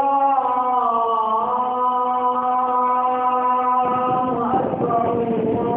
الله أكبر الله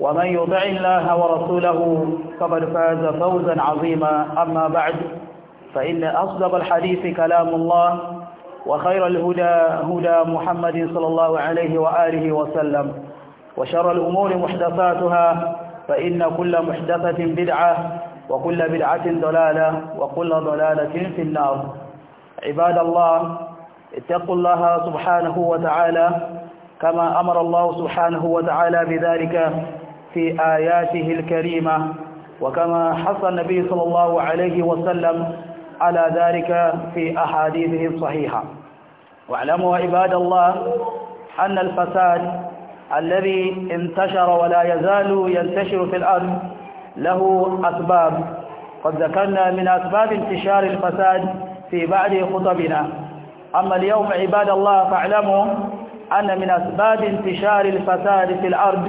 ومن يطع الله ورسوله فقد فاز فوزا عظيما أما بعد فإن أصدق الحديث كلام الله وخير الهدى هدى محمد صلى الله عليه وآله وسلم وشر الأمور محدثاتها فإن كل محدثة بدعة وكل بدعة ضلالة وكل ضلالة في النار عباد الله اتقوا الله سبحانه وتعالى كما أمر الله سبحانه وتعالى بذلك في آياته الكريمة وكما حصل النبي صلى الله عليه وسلم على ذلك في أحاديثه الصحيحة واعلموا عباد الله أن الفساد الذي انتشر ولا يزال ينتشر في الأرض له أسباب قد ذكرنا من أسباب انتشار الفساد في بعض خطبنا أما اليوم عباد الله فاعلموا أن من أسباب انتشار الفساد في الأرض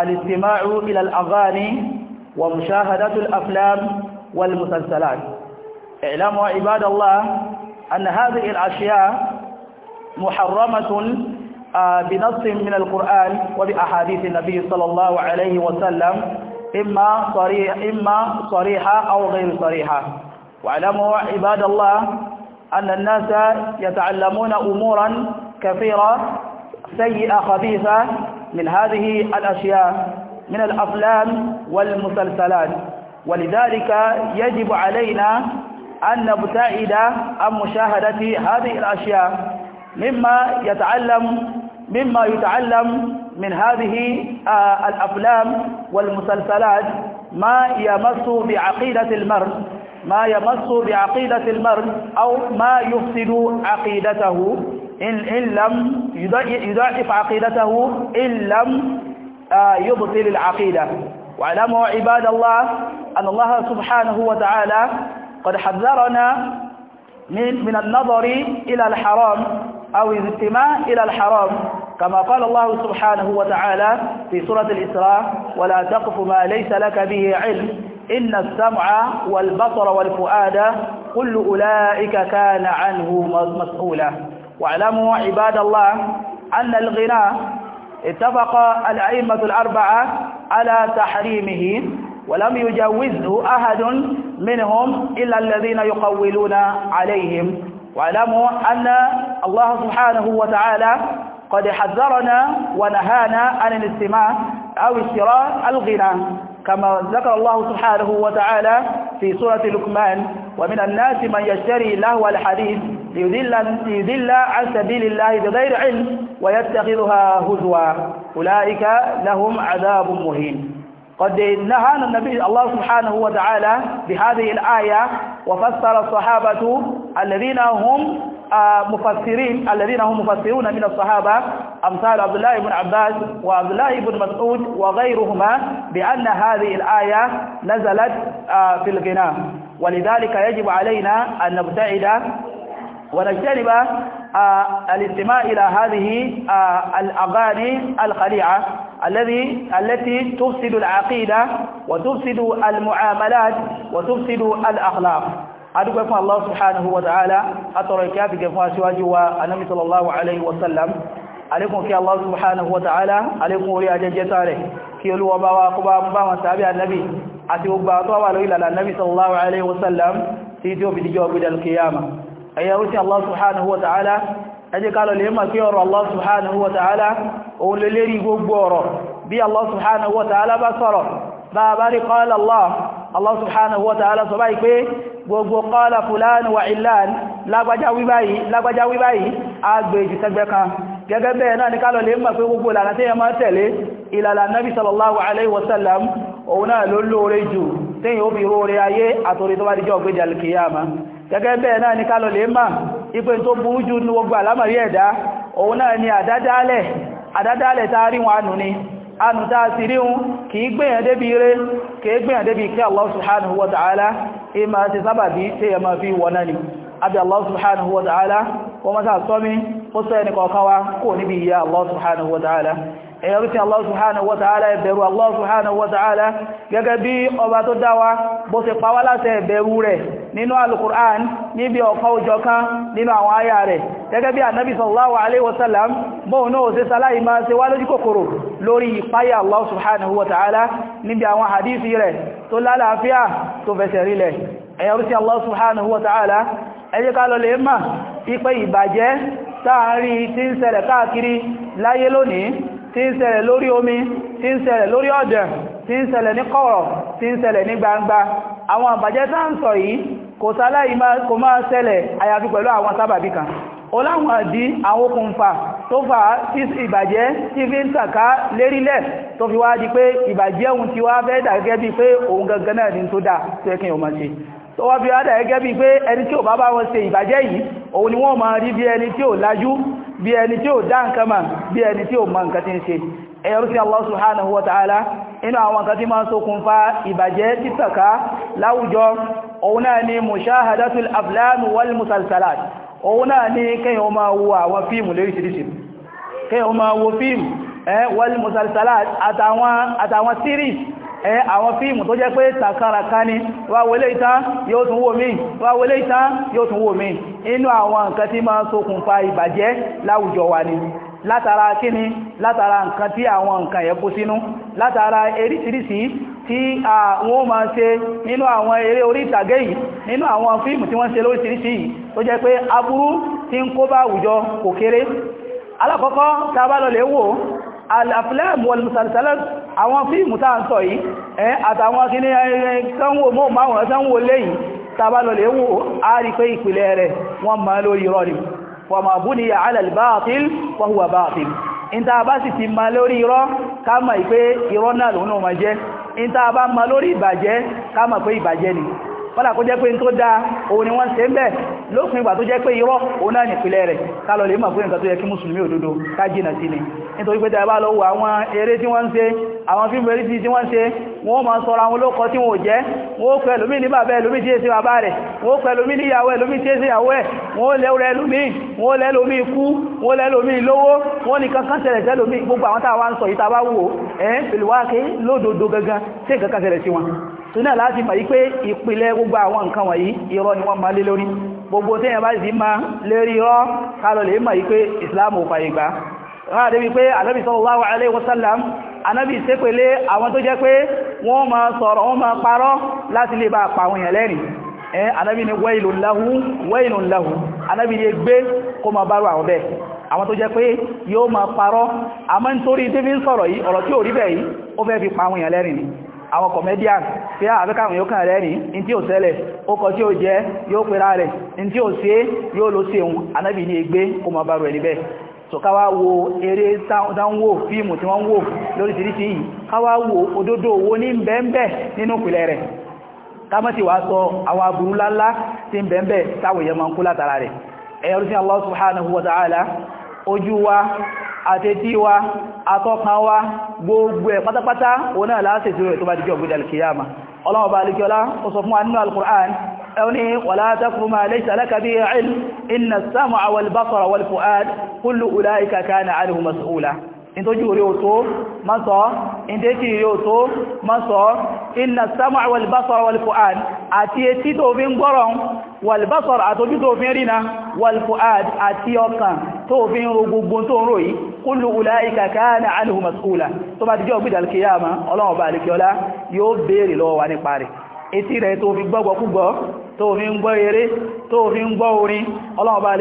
الاستماع إلى الأغاني ومشاهدة الأفلام والمسلسلات اعلموا عباد الله أن هذه الأشياء محرمة آه، بنص من القرآن وبأحاديث النبي صلى الله عليه وسلم إما صريح إما صريحة أو غير صريحة واعلموا عباد الله أن الناس يتعلمون أمورا كثيرة سيئة خبيثة من هذه الأشياء من الأفلام والمسلسلات ولذلك يجب علينا أن نبتعد عن مشاهدة هذه الأشياء مما يتعلم مما يتعلم من هذه آه، الأفلام والمسلسلات ما يمس بعقيدة المرء ما يمس بعقيدة المرء أو ما يفسد عقيدته إن لم يضعف عقيدته إن لم آه، يبطل العقيدة واعلموا عباد الله أن الله سبحانه وتعالى قد حذرنا من من النظر إلى الحرام أو الاستماع إلى الحرام كما قال الله سبحانه وتعالى في سورة الإسراء ولا تقف ما ليس لك به علم إن السمع والبصر والفؤاد كل أولئك كان عنه مسؤولا واعلموا عباد الله أن الغناء اتفق الأئمة الأربعة على تحريمه ولم يجوزه أحد منهم إلا الذين يقولون عليهم واعلموا أن الله سبحانه وتعالى قد حذرنا ونهانا عن الاستماع أو اشتراء الغناء كما ذكر الله سبحانه وتعالى في سورة لقمان ومن الناس من يشتري له الحديث ليذل, ليذل عن سبيل الله بغير علم ويتخذها هزوا أولئك لهم عذاب مهين قد نهانا النبي الله سبحانه وتعالى بهذه الآية وفسر الصحابة الذين هم آه، مفسرين الذين هم مفسرون من الصحابة أمثال عبد الله بن عباس وعبد الله بن مسعود وغيرهما بأن هذه الآية نزلت آه، في الغناء ولذلك يجب علينا أن نبتعد ونجتنب آه، الاستماع إلى هذه الأغاني الخليعة الذي التي تفسد العقيدة وتفسد المعاملات وتفسد الأخلاق adúgbẹ́ fún Allah subhanahu wa ta'ala àtọrọ ìkẹ́ àti gẹ̀fún aṣíwájú wa anábi sallallahu alaihi wasallam alékún kí Allah subhanahu wa ta'ala alékún orí ajẹ́jẹ́ tààrẹ kí olúwa bá wá kó bá mú bá wọn tàbí annabi àti gbogbo àtọ́ wà lórí lànà annabi sallallahu alaihi wasallam tí tí ó fi díjọ́ gbídal kiyama ẹ̀yà rúsí Allah subhanahu wa ta'ala ẹ jẹ́ ká lọ lè mọ̀ pé ọ̀rọ̀ Allah subhanahu wa ta'ala òun lè lérí gbogbo ọ̀rọ̀ bí Allah subhanahu wa ta'ala bá sọ̀rọ̀ bá bá rí qala Allah Allah subhanahu wa ta'ala sọ báyìí pé gbogbo qala fulan wa ilan lágbájá wí báyìí lágbájá wí báyìí agbèjì e sẹgbẹ́ kan gẹ́gẹ́ bẹ́ẹ̀ náà ní gẹ́gẹ́ bẹ́ẹ̀ náà ni kálọ̀ lè máa ipé tó burú jù ní gbogbo àlámọ̀rí ẹ̀dá òun náà ni àdádálẹ̀ àdádálẹ̀ tá rí wọn anù ni anù tá a sì ríhun kìí gbìyàn débi ire kìí gbìyàn débi kí Allah subhanahu wa ta'ala ima ti sábàbí tí ya máa fi wọ́n ni abi Allah subhanahu wa ẹ̀yọ́rú sí Allah subhanahu wa ta'ala ẹ̀bẹ̀rù Allah subhanahu wa ta'ala gẹ́gẹ́ bí ọba tó dáwà bó ṣe pa wá láṣẹ ẹ̀bẹ̀rù rẹ̀ nínú al-Qur'an níbi ọ̀kan òjọ̀kan nínú àwọn àyà rẹ̀ gẹ́gẹ́ bí ànábì sallallahu alaihi wasallam bóun náà ṣe sáláì máa ṣe wá lójú kòkòrò lórí ìpáyà Allah subhanahu wa ta'ala níbi àwọn hadisi rẹ̀ tó láyé lónìí tí ń ṣẹlẹ̀ lórí omi tí ń ṣẹlẹ̀ lórí ọ̀dẹ̀ tí ń ṣẹlẹ̀ ní kọ̀rọ̀ tí ń ṣẹlẹ̀ ní gbangba àwọn àbàjẹ́ tá ń sọ yìí kò sáláì kò máa ṣẹlẹ̀ àyàfi pẹ̀lú àwọn sábàbí kan ó láwọn àdí àwọn okùnfà tó fà á tó wá bí wá dà gẹ́gẹ́ bí pé ẹni tí ò bá bá wọn ṣe ìbàjẹ́ yìí òun ni wọ́n máa rí bí ẹni tí ò lájú bí ẹni tí ò dá nǹkan mà bí ẹni tí ò mọ nǹkan tí ń ṣe ẹ̀rù sí Allah subhanahu wa ta'ala inú àwọn nǹkan tí máa ń ṣokùnfà ìbàjẹ́ títàká láwùjọ òun náà ni mushahadatul ẹ àwọn fíìmù tó jẹ́ pé takaraka ni wá wọlé ìta yóò tún wò mí wá wọlé ìta yóò tún wò mí inú àwọn nǹkan tí máa ń ṣokùnfà ìbàjẹ́ láwùjọ wa ni látara kíni látara nǹkan tí àwọn nǹkan yẹ kó sínú látara eríṣiríṣi tí wọ́n máa ṣe nínú àwọn eré orí ìtàgé yìí nínú àwọn fíìmù tí wọ́n ṣe lóríṣiríṣi yìí tó jẹ́ pé aburú tí ń kó bá àwùjọ kò kéré alákọ̀ọ́kọ́ tá wò al-aflam wal musalsalat àwọn fíìmù tá à ń sọ yìí ẹ́ àtàwọn kí ní ẹ̀ẹ́sánwò mọ́ máwọn ẹ̀sánwò lẹ́yìn tàbálọ̀lẹ̀ wò á rí pé ìpìlẹ̀ rẹ̀ wọ́n máa lórí rọ́rì wa kọ́lá kó jẹ́ pé tó dáa òun ni wọ́n ṣe ń bẹ̀ lópin ìgbà tó jẹ́ pé irọ́ òun náà nìpìlẹ̀ rẹ̀ kálọ̀ lè mọ̀ pé nǹkan tó yẹ kí mùsùlùmí òdodo ká sí ni nítorí pé tẹ́ẹ̀ bá lọ wo àwọn eré tí wọ́n ń ṣe àwọn fíìmù eré tí wọ́n ń ṣe wọ́n máa ń sọra àwọn olókọ tí wọ́n ò jẹ́ wọ́n ó pẹ́ lómí ní bàbá ẹlòmí tí èsì bàbá rẹ̀ wọ́n ó pẹ́ lómí ní ìyàwó ẹlòmí tí náà láti mọ̀ yí pé ìpìlẹ̀ gbogbo àwọn nǹkan wọ̀nyí irọ́ ni wọ́n máa lé lórí gbogbo tí ẹ̀yàn bá sì máa lérí irọ́ kálọ̀ lè mọ̀ yí pé ìsìláàmù ò fàyè gbà wasallam anábì sépele àwọn tó jẹ́ pé wọ́n máa sọ̀rọ̀ wọ́n máa parọ́ láti lè bá pa àwọn èèyàn lẹ́rìn ẹn anábì ni wailun lahu wailun lahu anábì ni gbé kó máa bárò àwọn bẹ́ẹ̀ àwọn nítorí tí fi ń sọ̀rọ̀ yìí ọ̀rọ̀ tí ò rí bẹ́ẹ̀ yìí ó fẹ́ fi pa àwọn èèyàn àwọn comedian pé ah, àbẹ́kàwọn yóò kàn rẹ̀ ní in tí ó tẹ́lẹ̀ ó kọ tí ó jẹ́ yóò pèrà rẹ̀ in tí ó ṣe yóò ló ṣeun anábì ní egbé kó mọ bá rẹ̀ níbẹ̀ so ká wá wo eré dánwò fíìmù tí wọ́n wò lóríṣiríṣi yìí ká wá wo òdodo owó ní bẹ́ẹ̀bẹ́ nínú ìpìlẹ̀ rẹ̀ ká mọ́ sí wá sọ àwọn aburú ńláńlá tí ń bẹ́ẹ̀bẹ́ táwọn èèyàn máa ń kú látara rẹ̀ ẹ̀yọ́rú sí Allah subhanahu wa ta'ala ojú wa àtẹ́tí wa atọ́kan wa gbogbo ẹ̀ pátápátá òun náà láti ìṣirò ẹ̀ tó bá dìjọ́ gbogbo alkiyama ọlọ́wọ́ bá alikiola ó sọ fún wa nínú alkur'an ẹni wàlá takfù ma laysa laka bihi ilm inna as-sam'a wal basara wal fu'ad kullu ulaika nítójú orí òtó má sọ ìdékì rí òtó má sọ inna sam'a wal basara wal fu'ad àti etí tó fi ń gbọ́rọ̀ wal basara àtójú tó fi ń rìnà wal fu'ad àti ọkàn tó fi ń ro gbogbo tó ń ròyí kullu ulaika kana anhu mas'ula tó bá ti jẹ́ ògbìdà alkiyama ọlọ́run bá alkiyọlá yóò béèrè lọ́wọ́ wa nípa rẹ̀ etí rẹ̀ kí ló fi gbọ́ tó bá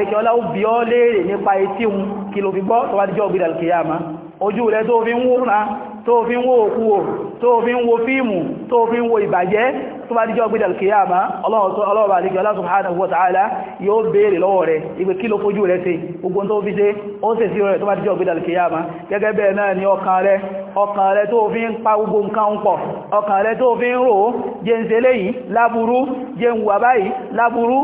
ti jẹ́ ògbìdà ojú rẹ̀ tó fi ń wó rán tó fi ń wó òkú o tó fi ń wo fíìmù tó fi ń wo ìbàjẹ́ tó bá díjọ́ gbídà kìyàmá ọlọ́ọ̀bà àdíkẹ́ Allah subhanahu wa ta'ala yóò béèrè lọ́wọ́ rẹ̀ ìgbé kí ló fojú rẹ̀ sí gbogbo tó fi ṣe ó sì sí rẹ̀ tó bá díjọ́ gbídà kìyàmá gẹ́gẹ́ bẹ́ẹ̀ náà ni ọkàn rẹ̀ ọkàn pa gbogbo nǹkan ń pọ̀ ọkàn rẹ̀ tó fi ń rò ó jẹ́ ń ṣe léyìí láburú jẹ́ ń wà báyìí láburú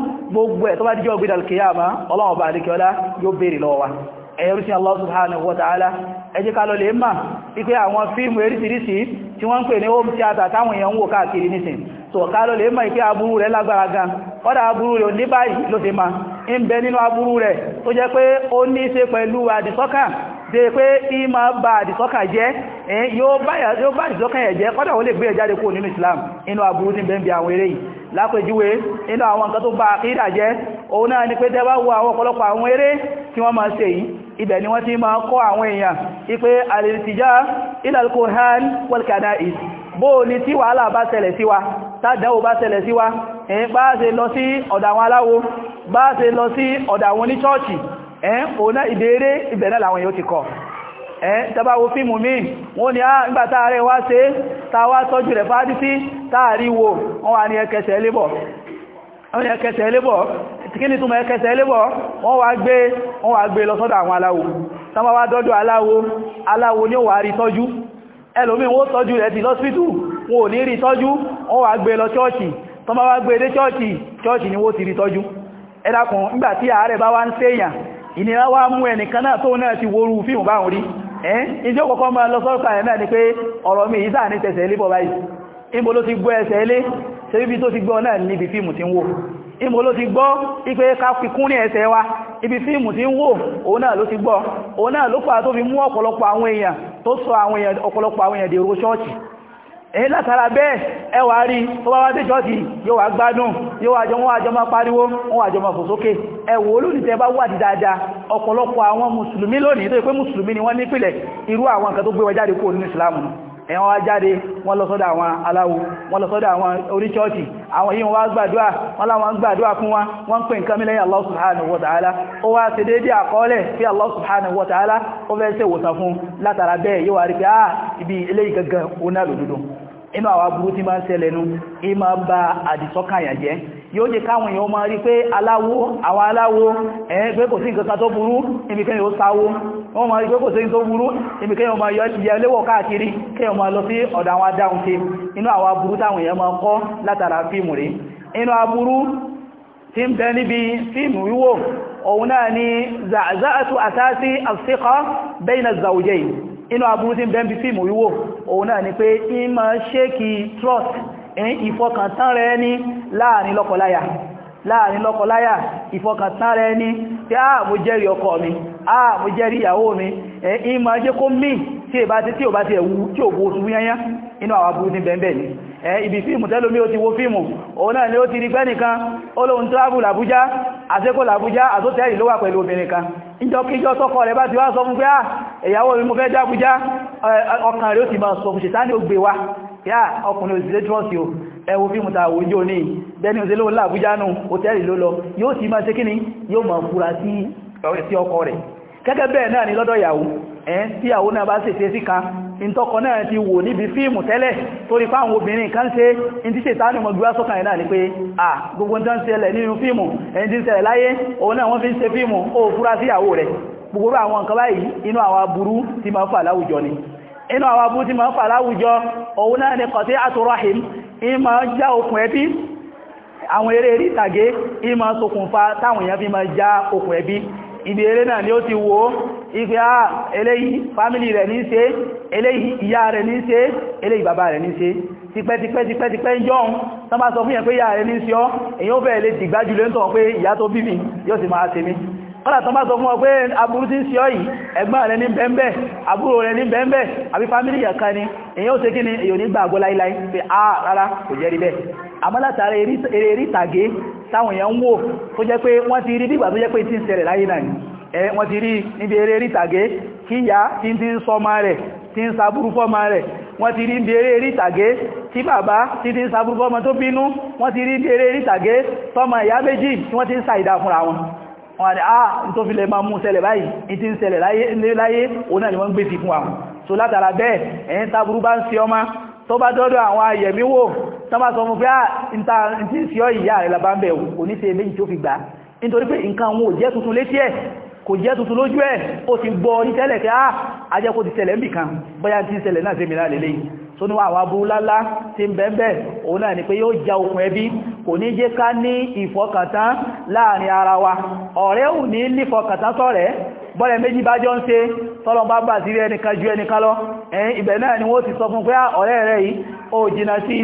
ẹ̀yẹrúsí Allah subhanahu wa ta'ala ẹ jẹ́ ká lọ lè máa wípé àwọn fíìmù eríṣiríṣi tí wọ́n ń pè ní home theater táwọn èèyàn ń wò káàkiri nìsìn tó ká lọ lè máa wípé aburú rẹ̀ lágbára gan ọ́dá aburú rẹ̀ ní báyìí ló ti ma ń bẹ nínú De pé ìmọ̀ bá àdìsọ́kà jẹ́ yóò bá àdìsọ́kà ẹ̀jẹ́ kọ́dà ó lè gbé ẹjáde e kúrò nínú Islam inú aburú tí bẹ́ẹ̀ bí àwọn eré yìí lápẹjúwé inú àwọn nǹkan tó bá àkídà jẹ́ òun náà ni pé tẹ́bá wo àwọn ọ̀pọ̀lọpọ̀ àwọn eré tí wọ́n máa ṣe yìí ibẹ̀ ni wọ́n ti máa kọ́ àwọn èèyàn ipé alìrìtìjá ìlàlùkòhán wọ́lkàdá ì bóò ni tí wàhálà bá ṣẹlẹ̀ sí wa tádàwò bá ṣẹlẹ̀ sí wa èyí bá ṣe lọ sí ọ̀dà àwọn aláwo bá ṣe lọ sí ọ̀dà àwọn oníṣọ́ọ̀ṣì ẹ̀ ọ̀nà ìbéèrè làwọn yóò ti wo fíìmù mi wọ́n ni ah, a nígbà rẹ̀ wá wá tọ́jú rẹ̀ táàrí wo wọ́n wà ní ẹkẹsẹ̀ wọ́n ni ẹkẹsẹ̀ ẹlébọ̀ kí ni túnmọ̀ ẹkẹsẹ̀ ẹlébọ̀ wọ́n wá gbé wọ́n wá gbé àwọn aláwo wá dọ́dọ̀ aláwo aláwo ni ó wà rí tọ́jú tọ́jú rẹ̀ ti wọn ò ní rí tọ́jú wọ́n wá gbé lọ chọ́ọ̀chì gbé dé ni ti rí ìnira wá mú ẹnìkan náà tó náà ti worú fíìmù báhùn rí ẹ́n ìjọ́ kọ̀kọ́ máa lọ sọ́rọ̀kà ẹ̀ náà ni pé ọ̀rọ̀ mi yìí sáà ní tẹ̀sẹ̀ ilé bọ̀ báyìí ìbò ló ti gbọ́ ẹsẹ̀ ilé ṣe bíbi tó ti gbọ́ náà níbi fíìmù tí ń wò ìmò ló ti gbọ́ èyí látara bee ẹwà rí tó bá wá dé jọ́sì yóò wá gbádùn yóò wá jọ wọ́n àjọ máa pariwo wọ́n àjọ máa fòsókè ẹwà olóòdìtẹ́ bá wà dídáadáa ọ̀pọ̀lọpọ̀ àwọn mùsùlùmí lónìí tó yẹ pé ni wọ́n irú àwọn tó gbé jáde ẹ̀wọ̀n wá jáde wọ́n lọ sọ́dọ̀ àwọn aláwo wọ́n lọ sọ́dọ̀ àwọn oríṣọ́ọ̀tì àwọn yíò wá gbàdúà wọ́n láwọn gbàdúà fún wa wọ́n pè nǹkan mílẹ̀ Allah subhanahu wa ta'ala ó wá ṣe déédé àkọọ́lẹ̀ pé Allah subhanahu wa ta'ala ó fẹ́ ṣe ìwòsàn fún látara bẹ́ẹ̀ yóò wá rí pé ah ibi eléyìí gangan ó náà lòdòdó inú àwọn aburú tí máa ń ṣẹlẹ̀nu ìmá bá àdìsọ́kàyà jẹ́ yóò jẹ káwọn èèyàn máa rí pé aláwo àwọn aláwo ẹ̀ẹ́ pé kò sí nǹkan tó burú ibikẹ́yàn ó sáwó wọ́n máa rí pé kò sí tó burú ibikẹ́yàn máa yọ ìyẹléwọ̀ káàkiri kẹ́yàn máa lọ sí ọ̀dọ̀ àwọn adáhùn sí inú àwọn aburú fíìmù wíwò òun náà ni zàzàtù àtàtì àṣíkọ́ bẹ́yìn inú aburú tí ń bẹ́m̀bí fíìmù wíwò òun náà ni pé in ma ṣe kí trust in ìfọkàntán rẹ ní láàrin lọ́kọláyà láàrin lọ́kọláyà ìfọkàntán rẹ ní tí a mo jẹ́rì ọkọ mi a mo jẹ́rì ìyàwó mi in ma jẹ́ kó mí tí ò bá ti ẹ̀wú tí ò bó oṣù yányá inú àwọn aburú tí ń bẹ́m̀bẹ̀ ni Eh, ibi fíìmù tẹ́lómí ó ti wo fíìmù òun náà ni ó ti rí pẹ́ nìkan olóhun travel Àbújá àṣẹ́kò Àbújá àtótẹ́rì ló wà pẹ̀lú obìnrin kan ìjọkíjọ́ tọ́kọ rẹ̀ bá ti wá sọ fún pé à ìyàwó mi mo fẹ́ jábújá eh, ọkàn rẹ̀ ó ti bá sọ fún ṣètá ní ó gbé wa yá ọkùnrin òsìlẹ̀ trọ́sì o ẹwọ fíìmù tàà wòjú òní bẹ́ni òsìlẹ̀ òun láàbújá nù òtẹ́rì ló lọ yóò sì máa ṣe kíní yóò máa fura sí ọkọ rẹ̀ gẹ́gẹ́ bẹ́ẹ̀ náà ni lọ́dọ̀ ìyàwó ẹ̀ tí ìyàwó náà bá ṣèṣe sí kan ìntọ́kọ̀ náà ti wò níbi fíìmù tẹ́lẹ̀ torí fáwọn obìnrin kan ṣe in ti ṣètà ní mọ̀gbíwá sọ́kàn ẹ̀dà ní pé à gbogbo tó ń ṣẹlẹ̀ nínú fíìmù ẹni tí ń ṣẹlẹ̀ láyé òun náà wọ́n fi ń ṣe fíìmù ó fúra síyàwó rẹ̀ gbogbo àwọn nǹkan báyìí inú àwọn aburú tí máa ń fà láwùjọ ni inú àwọn aburú tí máa ni kọ̀tí àtúrọ̀hìm ìgbé à ah, eléyìí fámílì rẹ̀ ní ṣe eléyìí ìyá rẹ̀ ní ṣe eléyìí bàbá rẹ̀ ní ṣe tipẹ́tipẹ́tipẹ́ ń jọun tán bá sọ fún yẹn pé ìyá rẹ̀ ní ṣe ọ́ èyí ó bẹ̀rẹ̀ lè dìgbájú lé ń tọ̀ pé ìyá tó bí mi yóò sì máa ṣe mí kọ́lá tán bá sọ fún ọ pé aburú tí ń ṣe ọ́ yìí ẹ̀gbọ́n rẹ̀ ní bẹ́ẹ̀bẹ́ ni èyí ó ṣe kí a ah, rárá kò jẹ́ rí bẹ́ẹ̀ àmọ́ látara eré ìtàgé táwọn èèyàn ń wò tó jẹ́ pé wọ́n ti ẹ wọ́n ti rí níbi eré rítàgé kí ya tí ti ń sọ ma rẹ̀ tí ń sàbúrú fọ́mà rẹ̀ wọ́n ti rí níbi eré rítàgé tí bàbá tí ti ń sàbúrú fọ́mà tó bínú wọ́n ti rí níbi eré rítàgé tọ́mà ìyá méjì tí wọ́n ti ń sàìdá fúnra wọn wọ́n ni ah tó fi lè máa mú ṣẹlẹ̀ báyìí tí ń ṣẹlẹ̀ láyé òun náà ni wọ́n ń gbé sí fún àwọn so látara bẹ́ẹ̀ ẹ̀yìn tàbúrú bá ń à ń ah, tí ń ṣe ọ ìyá rẹ̀ lábá ń bẹ̀ kò ní ṣe méjì tó fi gbà nítorí pé nǹkan àwọn òjẹ́ tuntun létí ẹ̀ kò jẹ́ tuntun lójú ẹ̀ ó ti gbọ́ ah, ní tẹ́lẹ̀ kí á ajẹ́kò ti tẹ́lẹ̀ nìkan bóyá tí ìṣẹ̀lẹ̀ náà sẹ́mìnà lélẹ̀ tó ní àwọn abúrú lálá tí ń bẹ́ẹ̀bẹ̀ òun náà ni pé yóò já okùn ẹbí kò ní jẹ́ ká ní ìfọkàntán láàrin ara wa ọ̀rẹ́ ò ní ni wọ́n ti sọ fún pé ah, ọ̀rẹ́ rẹ̀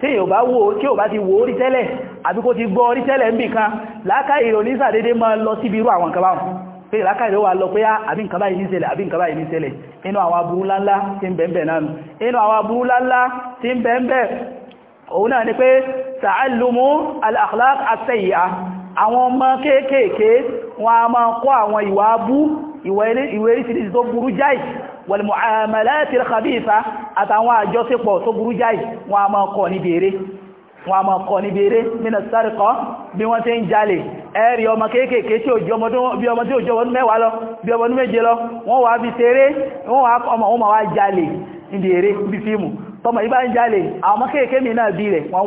tí yóò bá wò tí yóò bá ti wò ó rí tẹ́lẹ̀ àbí kó ti gbọ́ rí tẹ́lẹ̀ ń bì kan láákàyè rẹ̀ onísàdédé máa lọ síbi irú àwọn nǹkan báwọn pé láákàyè rẹ̀ wà lọ pé ah, àbí nǹkan báyìí ní ṣẹlẹ̀ àbí nǹkan báyìí ní ṣẹlẹ̀ inú àwọn aburú ìwé ìrísìírísìí tó burú jáì wal-mu'amalatil khabitha àtàwọn àjọṣepọ̀ tó burú jáì wọn a máa kọ́ ní bèèrè wọn a máa kọ́ ní bèèrè mina sariqa bí wọ́n ti ń jalè ẹ̀rì ọmọ kéékèèké tí òjò ọmọdún mẹ́wàá lọ bí ọmọdún méje lọ wọ́n wà bí tẹ́rẹ wọ́n wà ọmọ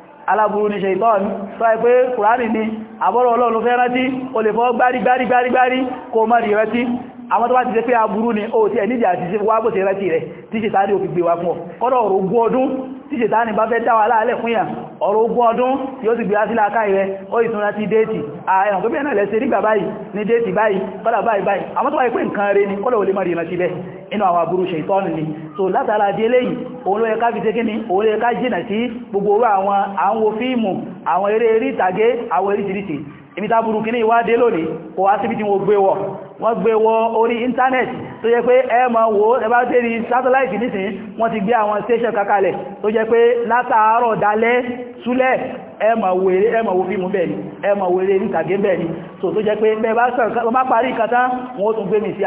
aláburú ní ṣeìtọ́n tó ẹ pé kùránì ni àbọ́rọ̀ ọlọ́run fẹ́ rántí o lè fọ́ gbárí gbárí kó mọ́ rí àwọn tó bá ti ṣe pé aburú ni ó ti ẹ̀ nídìí àti wá bó ṣe rántí rẹ̀ tí ṣe tàbí òfin gbé wa fún ọ kọ́dọ̀ ọ̀rọ̀ ogún ọdún tí ṣe tàbí bá fẹ́ dá wa láàlẹ̀ fún yàn ọ̀rọ̀ ogún ọdún yóò sì gbé wá sí láàká ó ìtura ti déètì ẹ̀wọ̀n pípẹ́ náà lẹ́sẹ̀ nígbà ní ni kọ́dà ò lè má rí ìrántí bẹ́ẹ̀ inú ni so látara di eléyìí òun ló yẹ ká fi ṣe kíni òun ló yẹ ká jìnà sí gbogbo orú àwọn à ń wo fíìmù àwọn eré eré ìtàgé ìwádé lónìí kò wá síbi tí wọ́n gbé wọ̀ wọ́n gbé wọ orí íńtánẹ̀tì tó jẹ́ pé ẹ máa wò ẹ bá dé ní sátáláìtì nísìn wọ́n ti gbé àwọn station kakalẹ̀ tó jẹ́ pé látàárọ̀ dalẹ́ súlẹ̀ ẹ máa wò eré ẹ máa wò fíìmù bẹ́ẹ̀ ni ẹ máa wò eré nítàgé so tó jẹ́ pé bẹ́ẹ̀ bá sọ̀rọ̀ bá parí ìkàtá wọn ó tún gbé mi sí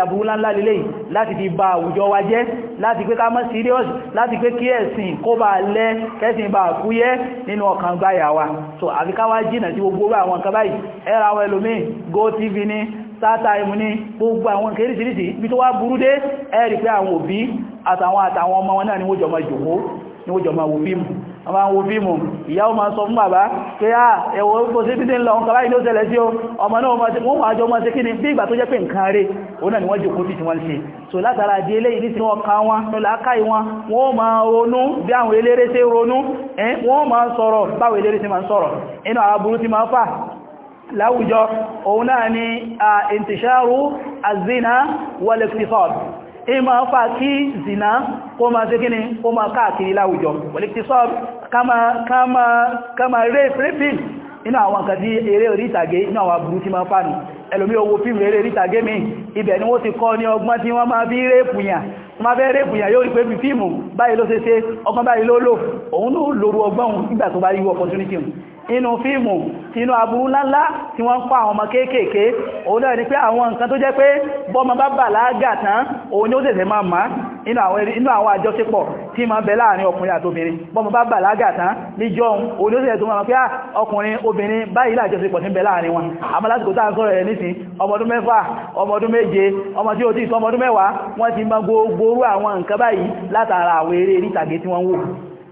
serious láti pé kí ẹ̀sìn kó bá lẹ́ kẹ́sìn bá fúyẹ́ nínú ọkàn so àfi ká wá jìnà sí gbogbo àwọn nǹkan báyìí ẹ ra àwọn ni tààtà ìmú ní gbogbo àwọn kèrísìírísìí bí tó wá burú dé ẹ̀rì pé àwọn òbí àtàwọn àtàwọn ọmọ wọn náà ni wọ́n jọ máa jòkó ni wọ́n jọ máa wo fíìmù ọmọ àwọn òfíìmù ìyá ọmọ sọ fún bàbá pé à ẹ̀wọ̀ ó sí lọ ọkọ̀ báyìí ló sí ọmọ náà wọ́n wà jọ mọ́ ni bí ìgbà tó jẹ́ pé ni wọ́n jòkó so látara di eléyìí ní sínú ọkàn wọn lọ́la káì wọn wọ́n máa ronú bí àwọn eléré ṣe ronú wọ́n láwùjọ òun náà ni a intisharu azina wal-iqtisad ìmọ̀ fà kí zina kó máa ṣe kíni kó máa káàkiri láwùjọ wal-iqtisad kama rẹ́pìn inú àwọn nǹkan tí eré orí ìtàgé inú àwọn àbúrú tí máa fàánù ẹlòmí owó fíìmù eré orí ìtàgé mi ibẹ̀ ni wọ́n ti kọ́ ní ọgbọ́n tí wọ́n máa fi rẹ́pùyàn ma fẹ́ rẹ́pùyàn yóò rí pé fíìmù báyìí ló ṣe ṣe ọgbọ́n báyìí ló lò òun ló lòrú ọgbọ́n nígbà tó bá rí opportunity inú fíìmù inú aburú ńláńlá tí wọ́n ń kọ́ àwọn ọmọ kéékèèké òun náà ni pé àwọn nǹkan tó jẹ́ pé bọ́mọ bá bà láàgà tán òun ni ó tẹ̀sẹ̀ àwọn àjọṣepọ̀ tí ma bẹ láàrin ọkùnrin àtòbìnrin bọ́mọ bá bàlágà tán ní jọun olóṣèlú tó pé ah, ọkùnrin obìnrin báyìí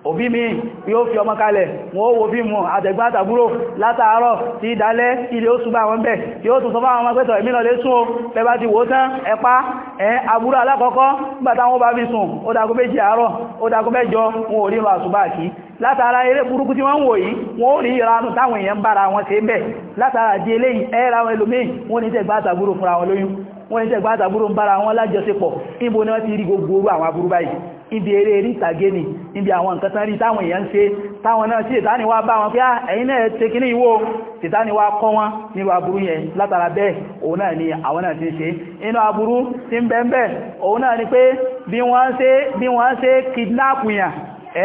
òbí mi yóò fi ọmọ kalẹ̀ wọ́n wo bí mú àtẹ̀gbọ́n àtàbúrò látàárọ̀ tí ìdálẹ́ ilé ó súgbà wọn bẹ̀ yóò tún sọ fún àwọn ọmọpẹ́tọ̀ ìmìnà lè sún o pẹba ti wò tán ẹpá ẹ àbúrò alákọ̀ọ́kọ́ nígbàtà wọn bá fi sùn ó dago méjì àárọ̀ ó dago mẹ́jọ wọn ò rí lọ àsùbá kìí látara eré burúkú tí wọ́n ń wò yìí wọ́n ò rí ìranù táwọn èèyàn bára wọn ṣe bẹ̀ ibi eré eré ìtàgé ni ibi àwọn nǹkan tán rí táwọn èèyàn ń ṣe táwọn náà sí ìtàní wá bá wọn pé ah, ẹ̀yìn náà ṣe kí ní ìwò ìtàní wá kọ́ wọn nínú aburú yẹn látara bẹ́ẹ̀ òun náà ni àwọn náà ti ṣe inú aburú ti ń bẹ́ẹ̀ bẹ́ẹ̀ òun náà ni pé bí wọ́n ṣe kidnap yàn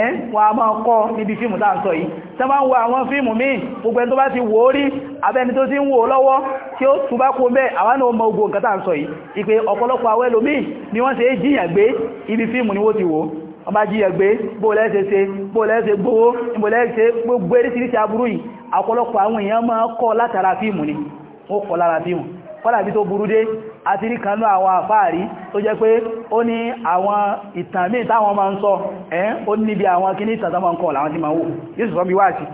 ẹ́ wọ́n a máa kọ́ níbi fíìmù tàà ń sọ yìí tí wọ́n bá àwọn fíìmù míì gbogbo ẹni tó bá ti wò ó rí abẹ́ni tó ti ń wò lọ́wọ́ tí ó túbá kó bẹ́ àwọn náà mọ ogun nǹkan tàà ń sọ yìí ìpé ọ̀pọ̀lọpọ̀ àwọn ẹlòmíì ni wọ́n ṣe é jiyàn gbé ibi ni wọ́n ti wò wọ́n bá jiyàn gbé bóòlẹ́ẹ̀ṣe bóòlẹ́ẹ̀ṣe gbówó ìbòlẹ́ẹ̀ṣe gbogbo eréṣiríṣi aburú yìí ọ̀pọ̀lọpọ̀ àwọn èèyàn máa kọ́ látara ni wọ́n kọ́ lára fíìmù kọ́lá bí tó burú dé àti rí kanú àwọn àfáàrí tó jẹ́ pé ó ní àwọn ìtàn míì táwọn máa ń sọ ẹ́n ó níbi àwọn kíní ìtàn tó máa ń kọ́ làwọn ti máa wò yóò sọ bí wáàtí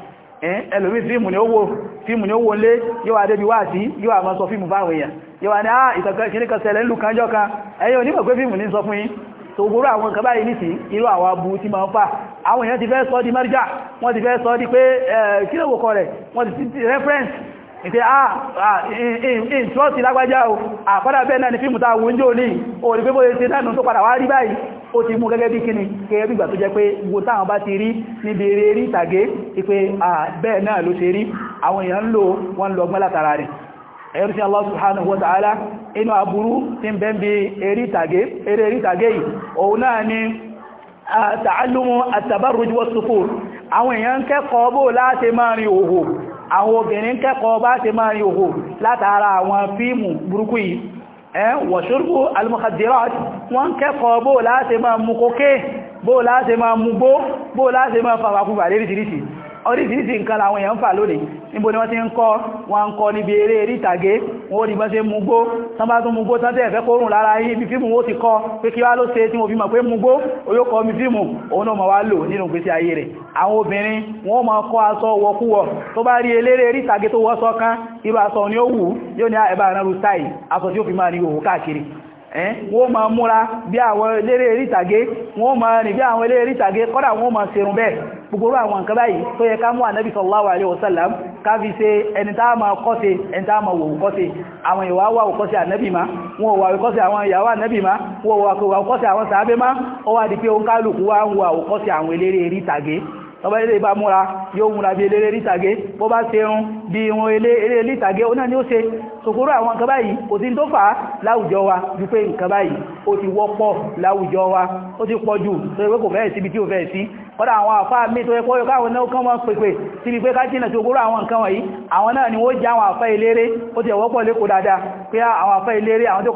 ẹlòmí fíìmù ni ó wò fíìmù ni ó wò lé yóò wá débi wáàtí yóò àmọ́ sọ fíìmù fáwọn èèyàn yóò wá ah, àwọn nǹkan báyìí nìsí irú àwọn abu tí ma ń fà àwọn èèyàn ti fẹ́ sọ di mẹ́rìjá wọ́n ti fẹ́ sọ di pé kílòwòkọ rẹ̀ wọ́n ti reference ìpé ààrùn tí lágbàjá o àpádà ah, bẹ́ẹ̀ náà ni fíìmù tàà wọ́n jò ní orí pé bóyé tí náà tó padà wá rí báyìí ó ti mú gẹ́gẹ́ bí kíni gẹ́gẹ́ bí ìgbà tó jẹ́ pé wo táwọn bá ti rí níbi eré rí ìtàgé ìpé ah, bẹ́ẹ̀ náà ló ṣe rí àwọn èèyàn ń lò wọ́n lọ gbọ́n látara rẹ̀ ẹ̀rùsí Allah àwọn obìnrin kẹ́kọ̀ọ́ bá ṣe máa yòhò látara àwọn fíìmù burúkú yìí ẹn wọ̀ṣúrùkú al-mukhaddirat wọ́n kẹ́kọ̀ọ́ bóò láti máa mú kókè bóò láti máa mú gbó bóò láti máa fàwàkú bà oríṣiríṣi nǹkan làwọn èèyàn ń fà lónìí níbo ni wọ́n ti ń kọ́ wọ́n ń kọ́ níbi eré eré ìtàgé wọ́n ó rí bá ṣe mugbó tán mugbó tán tẹ́ kórùn lára ibi fíìmù ó ti kọ́ pé kí wá ló ṣe tí mo fi mọ̀ pé mugbó oyókọ́ mi fíìmù òun náà mọ̀ wá lò nínú ayé rẹ̀ àwọn obìnrin wọ́n ma kọ́ aṣọ tó bá rí eléré ìtàgé tó wọ́ sọ́kán irú aṣọ ni ó wọ́n ma múra bí àwọn eléré ìtàgé wọ́n ma rìn bí àwọn eléré ìtàgé kọ́dà wọ́n ma serun bẹ́ẹ̀ gbogbo àwọn nǹkan báyìí tó yẹ ká mú ànábì sallallahu alaihi wasallam ká fi ẹni tá ma kọ́ṣe ẹni tá ma wò àwọn ìwà wà kọ́ṣe ànábì ma wọ́n wà kọ́ṣe àwọn ìyàwó ànábì ma wọ́n wà kọ́ṣe àwọn sàábé tọba ilé ìbá múra yóò múra bí eléré lítàgé bó bá ṣe rún bí irun eléré lítàgé ó náà ni ó ṣe ṣòkòrò àwọn nǹkan báyìí kò sí tó fà á láwùjọ wa ju pé nǹkan báyìí ó ti wọ́pọ̀ láwùjọ wa ó ti pọ̀ jù tó ẹgbẹ́ kò fẹ́ẹ̀ síbi tí ò fẹ́ẹ̀ sí kọ́dá ni wọ́n já àwọn àfá eléré ó ti ẹ̀wọ́pọ̀ lẹ́kọ̀ọ́ dáadáa pé àwọn àfá eléré àwọn tó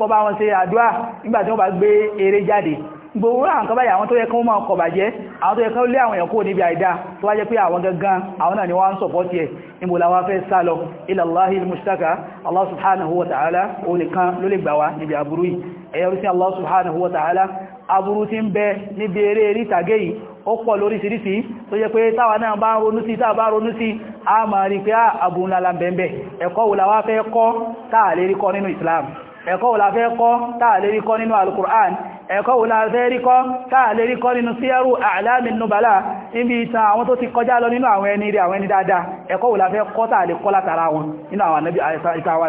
gbogbo àwọn kan báyìí àwọn tó yẹ kán máa kọ̀bàjẹ́ àwọn tó yẹ kán lé àwọn èèyàn kó níbi àìdá tó wá jẹ́ pé àwọn gangan àwọn náà ni wọ́n ń sọ̀pọ̀tì ẹ̀ níbo làwọn fẹ́ sá lọ ilallahil mustaka allah subhanahu wa ta'ala ó nìkan ló lè gbà wá níbi aburú yìí ẹ̀yẹ́ rí sí allah subhanahu wa ta'ala aburú ti ń bẹ níbi eré ẹ̀kọ́ wo la fẹ́ rí kọ́ táà lè rí kọ́ nínú síyẹ́rù àlámì nùbàlá níbi ìtàn àwọn tó ti kọjá lọ nínú àwọn ẹni rí àwọn ẹni dáadáa ẹ̀kọ́ wo la fẹ́ kọ́ táà lè kọ́ látara wọn nínú àwọn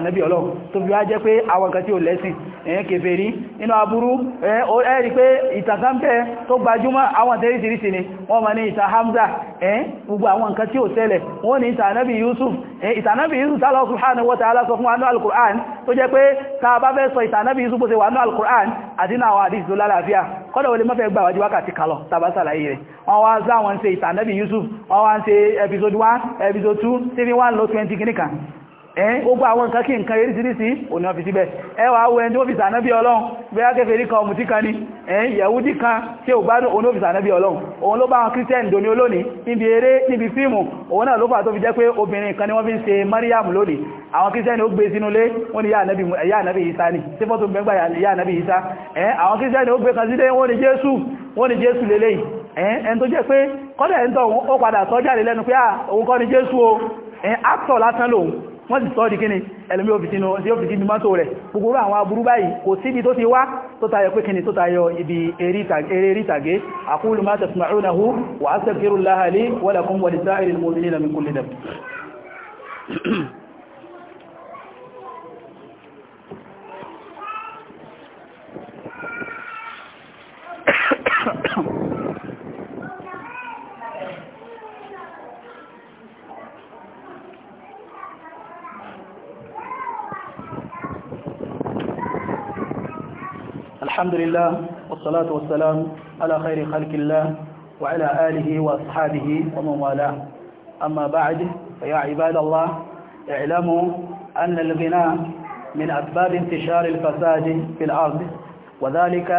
ànábì ọlọ́run tó fi wá jẹ́ pé àwọn nǹkan tí ó lẹ́sìn ẹ̀yẹn kèfèrí nínú aburú ẹ̀rí pé ìtàkàmpẹ́ tó gbajúmọ̀ àwọn tẹ́rìsìrìsì ni wọ́n ma ní ìtà Hamza ẹ̀yìn gbogbo àwọn nǹkan tí ó tẹ́lẹ̀ wọ́n ní ìtà ànábì Yusuf ìtà wà ní al àti náà àdìs tó lálàáfíà kọ́dọ̀ wọlé mọ́fẹ́ gbà wájú wákàtí kalọ̀ tàbá sàlàyé rẹ̀ wọ́n wá sáwọn ṣe ìtànẹ́bì Yusuf wọ́n wá ń ṣe episode 1 episode 2 tí wọ́n lọ 20 kìnnìkan ẹ́n gbogbo àwọn nǹkan kí nǹkan eríṣiríṣi òní ọ̀fi síbẹ̀ ẹwà awọ ẹni tó fi sànábí ọlọ́run bẹ́yà kèfèrí kan ọmọ tí kan ní ẹ̀yìn yẹ̀wúdí kan tí ò gbádùn òní òfi sànábí ọlọ́run òun ló bá wọn kírísítẹ́nì dòní olónìí níbi eré níbi fíìmù òun náà ló fà tó fi jẹ́ pé obìnrin kan ni wọ́n fi ń ṣe Mariam lónìí àwọn kírísítẹ́nì ó gbé sínú lé wọ́n ni yá ànábì Ìsá ni tí fọ́tò gbẹ́gbà yá ànábì Ìsá ẹ̀ àwọn kírísítẹ́nì ó wọ́n ti sọ́ di kíni ẹlùmí òfìsínú tí ó fi sínú mọ́tò rẹ̀ gbogbo àwọn aburú báyìí kò síbi tó ti wá tó tayọ pé kíni tó tayọ ibi eré ìtàgé aqulu ma tasma'unahu wa astaghfirullaha li wa lakum wa الحمد لله والصلاة والسلام على خير خلق الله وعلى آله وأصحابه ومن والاه أما بعد فيا عباد الله اعلموا أن الغناء من أسباب انتشار الفساد في الأرض وذلك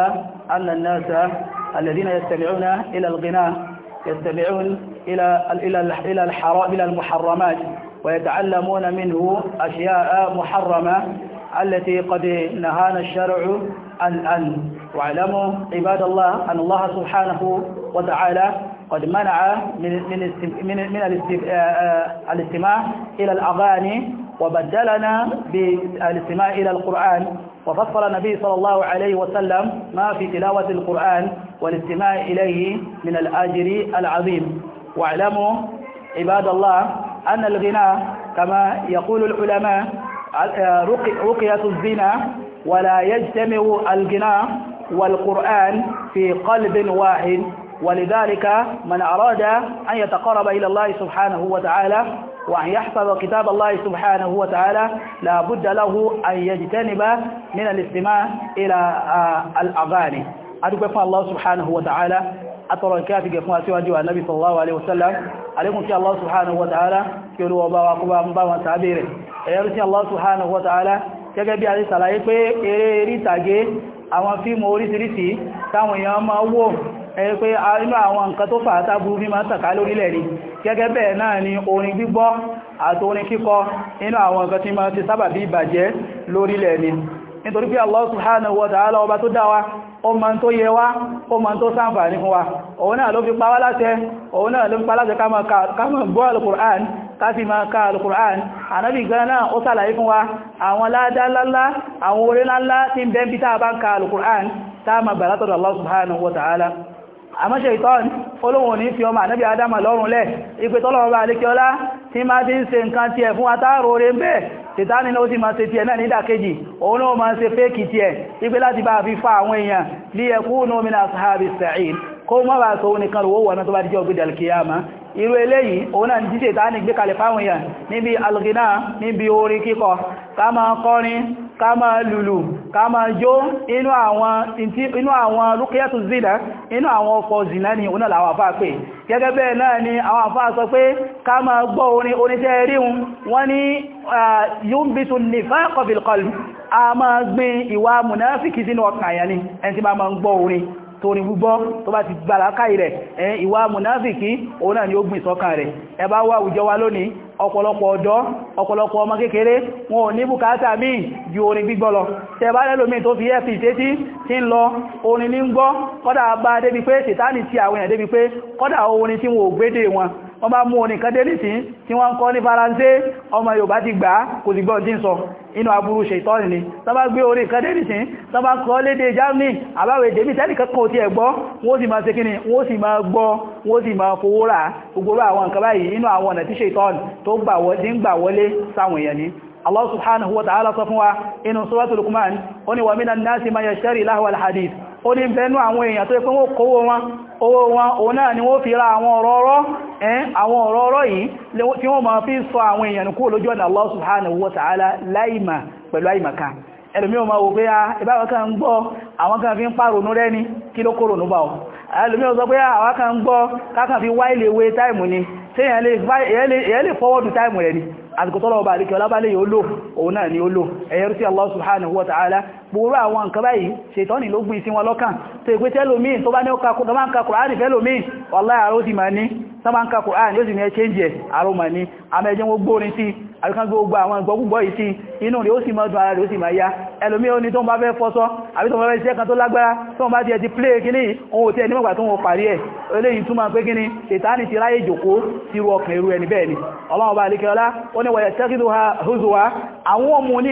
أن الناس الذين يستمعون إلى الغناء يستمعون إلى إلى الحرام إلى المحرمات ويتعلمون منه أشياء محرمة التي قد نهانا الشرع عن أن واعلموا عباد الله أن الله سبحانه وتعالى قد منع من من من آه، آه، الاستماع إلى الأغاني وبدلنا بالاستماع إلى القرآن وفصل النبي صلى الله عليه وسلم ما في تلاوة القرآن والاستماع إليه من الأجر العظيم واعلموا عباد الله أن الغناء كما يقول العلماء رقية الزنا ولا يجتمع الجنا والقرآن في قلب واحد ولذلك من أراد أن يتقرب إلى الله سبحانه وتعالى وأن يحفظ كتاب الله سبحانه وتعالى لا بد له أن يجتنب من الاستماع إلى آه، الأغاني أدوكف الله سبحانه وتعالى أترى الكافي àti سوى àti النبي صلى الله عليه وسلم عليكم tí الله سبحانه وتعالى ta'ala kí olúwọ bá ẹ̀yẹ́rú sí Allah subhanahu wa ta'ala gẹ́gẹ́ bí a ti sàlàyé pé eré eré ìtàgé àwọn fíìmù oríṣiríṣi táwọn èèyàn máa wò ẹ̀yẹ́ pé inú àwọn nǹkan tó fà tábú bí máa tàkà lórílẹ̀ rí gẹ́gẹ́ bẹ́ẹ̀ náà ni orin gbígbọ́ àti orin kíkọ inú àwọn nǹkan tí máa ti sábà bí ìbàjẹ́ lórílẹ̀ ni nítorí pé Allah subhanahu wa ta'ala ọba tó dá wa ó ma tó yẹ wá ó ma tó ṣàǹfààní fún wa òun náà ló fi pa wá láṣẹ òun náà ló fi pa láṣẹ ká máa gbọ́ al káfí máa ká alukur'an anábì gánà ó sàlàyé fún wa àwọn ládá ńláńlá àwọn orí ńláńlá tí ń bẹ́m̀bí tá a bá ń ká alukur'an tá a ma gbà látọ̀dọ̀ Allah subhanahu wa ta'ala àmọ́ ṣaitan olóhun ní fi ọmọ ànábì adama lọ́rùn lẹ̀ ìpè tọ́lọ́wọ́ bá alékiọlá tí máa ti ń ṣe nǹkan tí ẹ̀ fún atáàrò rẹ̀ kó mọ́ bá sọ òun nìkan lówó wọ̀ná tó bá díjọ́ gbé dàlkìyàmá irú eléyìí òun náà ní títẹ̀ tánì gbé kalẹ̀ fáwọn èèyàn níbi algina níbi orin kíkọ ká máa kọrin ká lùlù ká jó inú àwọn rúkíyàtù zina inú àwọn ọkọ̀ zina ni òun náà làwọn àfáà pé gẹ́gẹ́ bẹ́ẹ̀ náà ni àwọn àfáà sọ pé ká máa gbọ́ orin oníṣẹ́ ríhun wọ́n ní yúnbítù torí gbígbọ́ tó bá ti gbàlá káì rẹ̀ ẹ̀yìn ìwà mùnáfìkì òun náà ni ó gbìn sọ́kàn rẹ̀ ẹ wà àwùjọ wa lónìí ọ̀pọ̀lọpọ̀ ọ̀dọ́ ọ̀pọ̀lọpọ̀ ọmọ kékeré wọn ò ní bùkátà míì ju orin gbígbọ́ lọ tẹbá lẹ́lòmí tó fi ẹ́fì ìtẹ́tí tí ń lọ orin ní ń gbọ́ kọ́dà bá débi pé sìtánì ti àwọn èèyàn débi pé kọ́dà orin tí wọn ò gbédè wọn wọ́n bá mú orin kan dé nìsín tí wọ́n ń kọ́ ní faransé ọmọ yorùbá ti gbà kò sì gbọ́n tí ń sọ inú aburú ṣètọ́nì ni tó bá gbé orin kan dé nìsín tó bá kọ́ lédè germany àbáwẹ̀ èdè mi tẹ́lì kankan ti ẹ̀ gbọ́ wọ́n sì máa ṣe kíni wọ́n sì máa gbọ́ wọ́n sì máa fowó rà gbogbo àwọn nǹkan báyìí inú àwọn ọ̀nà tí ṣètọ́nì tó gbà wọlé sáwọn èèyàn ni Allah subhanahu wa ta'ala sọ fún wa inú suratul Luqman ó ní wa minan nasi man yashtari lahwal hadith ó ní bẹnu àwọn èèyàn tó pé wọ́n kówó wọn owó wọn òun náà ni wọ́n fi ra àwọn ọ̀rọ̀ ọ̀rọ̀ ẹ́n àwọn ọ̀rọ̀ ọ̀rọ̀ yìí tí wọ́n máa fi sọ àwọn èèyàn kúrò lójú ọ̀nà Allah subhanahu wa ta'ala láìmà pẹ̀lú àìmàká ẹlòmí o máa wò pé ìbáwọn ah, kan ń gbọ́ àwọn kan fi ń pàrònú rẹ́ni kí ló kòrònú bá ọ ẹlòmí o sọ pé ah, àwọn kan ń gbọ́ kákan fi wáìlè wé táìmù ni tí èyàn lè fọwọ́dù táìmù rẹ̀ ni àsìkò tọ́lọ̀ ọba àríkẹ́ ọlábálẹ̀ yóò lò òun náà ni ó lò ẹ̀yẹ́rú sí Allah subhanahu wa ta'ala gbogbo àwọn nǹkan báyìí ṣètọ́nì ló gbìn sí wọn lọ́kàn tó ìgbé tẹ́lòmí tó bá ní ọkà kùránì fẹ́lòmí wallahi àrò ti máa ní sọ́bá ni; ka kùránì yóò sì ní ẹ̀ṣẹ́ǹjẹ̀ àrò máa ní àmẹ́jẹ́ wọ́n gbórin sí àríkán gbogbo àwọn ìgbọ́gbùgbọ́ yìí sí inú rẹ̀ ó sì máa dùn ara rẹ̀ ó sì máa ya ẹlòmí ó tó ń bá fẹ́ fọ́sọ́ àbí tó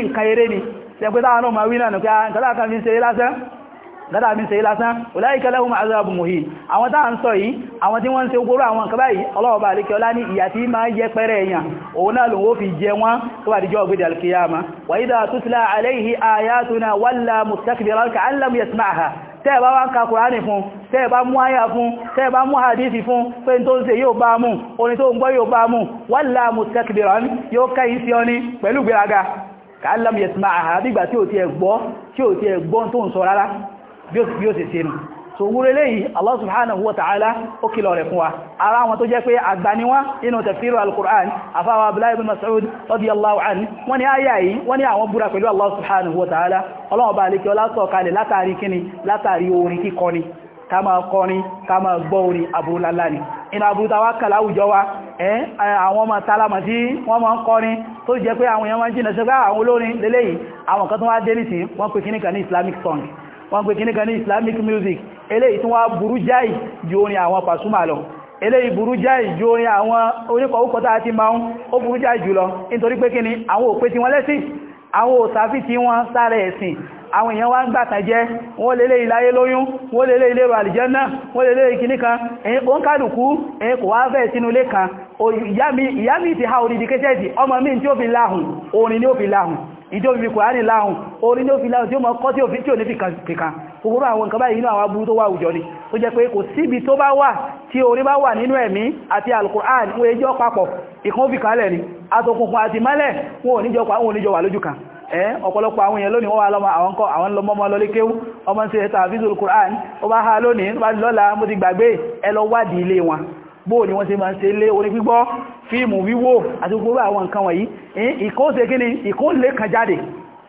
ń bá fẹ́ sẹ́pẹ́ táwọn náà ma wí náà nùkẹ́ ah, àtàlà kan fi ń ṣeré lásán dada mi sai lásán ulaika lahum azabun muhin àwọn ta ń sọ yìí àwọn tí wọ́n ṣe ogoro àwọn kan báyìí Ọlọ́run ba leke ọlá ni ìyà tí ma jẹ pere eyan ohun náà ló wo fi jẹ wọ́n tó bá di jo gbede alqiyama wa idha tutla alayhi ayatuna walla mustakbiran ka'allam yasma'ha tẹ́ bá wá ka qur'ani fún tẹ́ mú aya fún tẹ́ mú hadisi fún pé n tó ṣe yóò bá mu orin tó ń gbọ́ yóò bá mu walla mustakbiran yóò kai si oni pẹ̀lú gbéraga kàálàm yẹ̀sìmá àhàbígbà tí ò ti ẹ̀gbọ́ tí ò ti ẹ̀gbọ́ tó ń sọ rárá bí ó ti sínú so wúrẹ́ lẹ́yìn Allah subhanahu wa ta'ala ó kìlọ̀ rẹ̀ fún wa ara wọn tó jẹ́ pé àgbàníwá inú tafsiru al-Qur'an afáwà Abdullahi ibn Mas'ud radiyallahu anhu wọ́n ni ayà yìí ká máa kọrin ká máa gbọ́ orin abúrúlálá ni iná abúrúta wá wa ẹ́ àwọn ọmọ tálámà tí wọ́n máa ń kọrin tó jẹ́ pé àwọn èèyàn máa ń jìnà sí pé ah, àwọn olórin lélẹ́yìí àwọn kan tó wá dé nìsín wọ́n pè kíníkà ní islamic song wọ́n pè kíníkà islamic music eléyìí tó wá burú jáì ju orin àwọn pàṣúmà lọ eléyìí burú jáì ju orin àwọn oníkọ̀ọ́kọ́ tá a ti máa ń ó burú jáì jùlọ nítorí pé kíni àwọn òpé tí wọ́n lẹ́sìn àwọn òsàfí tí wọ́n sáré ẹ̀sìn àwọn èèyàn wá ń gbàtà jẹ́ wọ́n lélé iláyé lóyún wọ́n lélé ilé àlìjẹ́nà wọ́n lélé ìkíní kan èyí kò ń kàdùkú èyí kò wá fẹ́ sínú ilé kan ìyá mi ti ha orí dikẹ́tẹ̀ẹ̀dì ọmọ mi tí ó fi láhùn orin ni ó fi láhùn ìjọ ìfi kòránì láhùn orí ní ó fi láhùn tí ó mọ́ kọ́ tí ó fi tí ò ní fi kìkan gbogbo àwọn nǹkan báyìí inú àwọn aburú tó wà àwùjọ ni ó jẹ́ pé kò síbi tó bá wà tí orí bá wà nínú ẹ̀mí àti alukur'an ni àtòkùnkùn àti mọ́lẹ̀ wọn ò níjọ wà lójú kan ẹ́ ọ̀pọ̀lọpọ̀ àwọn èèyàn lónìí wọ́n wà lọ́mọ àwọn kọ́ àwọn lọmọmọ lọlé kéwú ọmọ sí ẹ̀ta àfíìsù Al-Qur'an bóò ni wọ́n ṣe máa ń ṣe lé orí gbígbọ́ fíìmù wíwò àti gbogbo àwọn nǹkan wọ̀nyí ìkóòsè kí ni ìkóòlé kan jáde